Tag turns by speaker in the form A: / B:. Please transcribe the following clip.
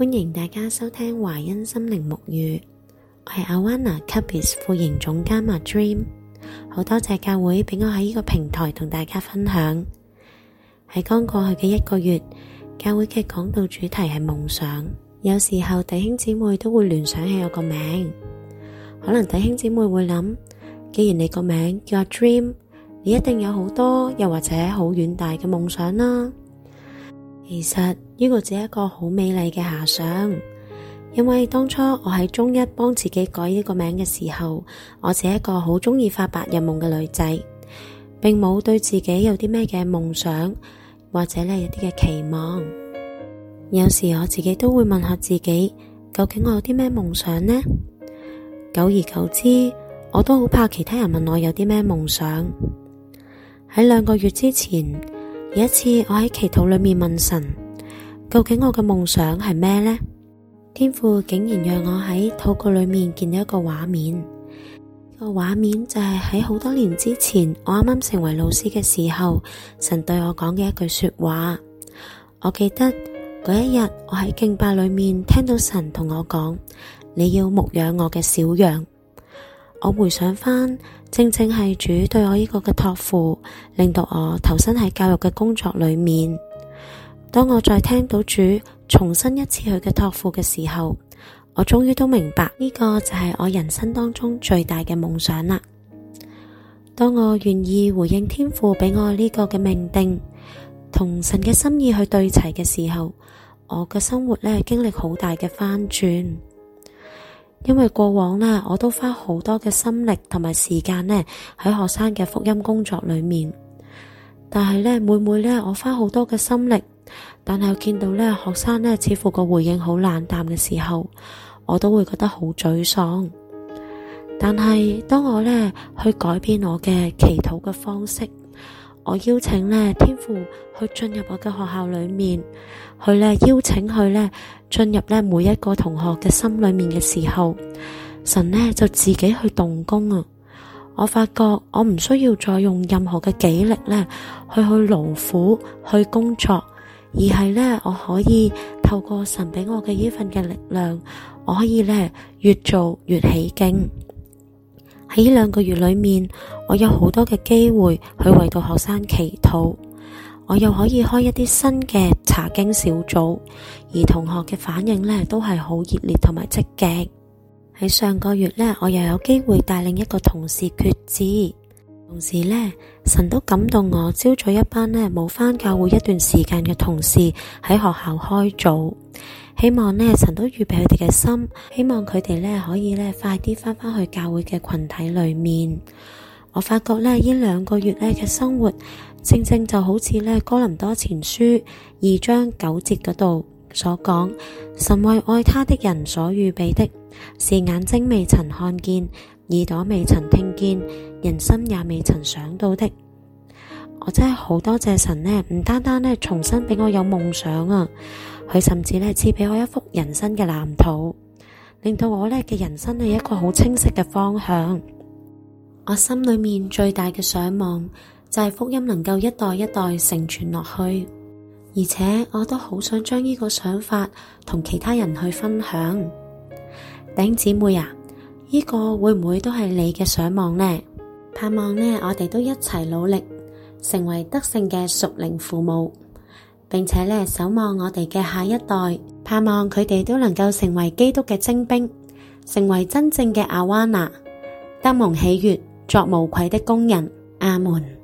A: 歡迎大家收聽懷恩心靈沐浴，我係阿瓦納 Cubbies 副營總監阿 Dream，好多謝教會俾我喺呢個平台同大家分享。喺剛過去嘅一個月，教會嘅講道主題係夢想。有時候弟兄姊妹都會聯想起我個名，可能弟兄姊妹會諗，既然你個名叫阿 Dream，你一定有好多又或者好遠大嘅夢想啦。其實呢、這個只係一個好美麗嘅遐想，因為當初我喺中一幫自己改呢個名嘅時候，我只係一個好中意發白日夢嘅女仔，並冇對自己有啲咩嘅夢想或者呢有啲嘅期望。有時我自己都會問下自己，究竟我有啲咩夢想呢？久而久之，我都好怕其他人問我有啲咩夢想。喺兩個月之前。有一次，我喺祈禱裏面問神，究竟我嘅夢想係咩呢？天父竟然讓我喺禱告裏面見到一個畫面，個畫面就係喺好多年之前我啱啱成為老師嘅時候，神對我講嘅一句說話。我記得嗰一日我喺敬拜裏面聽到神同我講，你要牧養我嘅小羊。我回想翻，正正係主對我呢個嘅托付，令到我投身喺教育嘅工作裏面。當我再聽到主重新一次佢嘅托付嘅時候，我終於都明白呢個就係我人生當中最大嘅夢想啦。當我願意回應天父俾我呢個嘅命定，同神嘅心意去對齊嘅時候，我嘅生活咧經歷好大嘅翻轉。因為過往呢，我都花好多嘅心力同埋時間呢，喺學生嘅福音工作裏面，但係呢，每每呢，我花好多嘅心力，但係見到呢學生呢，似乎個回應好冷淡嘅時候，我都會覺得好沮喪。但係當我呢，去改變我嘅祈禱嘅方式。我邀請咧天父去進入我嘅學校裏面，去咧邀請佢咧進入咧每一個同學嘅心裏面嘅時候，神咧就自己去動工啊！我發覺我唔需要再用任何嘅己力咧去去勞苦去工作，而係咧我可以透過神俾我嘅呢份嘅力量，我可以咧越做越起勁。喺呢兩個月裏面，我有好多嘅機會去為到學生祈禱，我又可以開一啲新嘅查經小組，而同學嘅反應呢都係好熱烈同埋積極。喺上個月呢，我又有機會帶領一個同事決志，同時呢，神都感動我，招咗一班呢冇返教會一段時間嘅同事喺學校開組。希望呢，神都預備佢哋嘅心，希望佢哋呢可以呢快啲翻返去教會嘅群體裏面。我發覺呢呢兩個月呢嘅生活，正正就好似呢哥林多前書二章九節嗰度所講，神為愛他的人所預備的，是眼睛未曾看見，耳朵未曾聽見，人心也未曾想到的。我真係好多謝神呢，唔單單呢重新俾我有夢想啊！佢甚至咧，賜俾我一幅人生嘅藍圖，令到我咧嘅人生係一個好清晰嘅方向。 我心裏面最大嘅想望就係、是、福音能夠一代一代承傳落去，而且我都好想將呢個想法同其他人去分享。頂姊妹啊，呢、這個會唔會都係你嘅想望呢？盼望呢，我哋都一齊努力，成為得勝嘅屬靈父母。並且咧，守望我哋嘅下一代，盼望佢哋都能夠成為基督嘅精兵，成為真正嘅阿瓦納，得蒙喜悅作無愧的工人。阿門。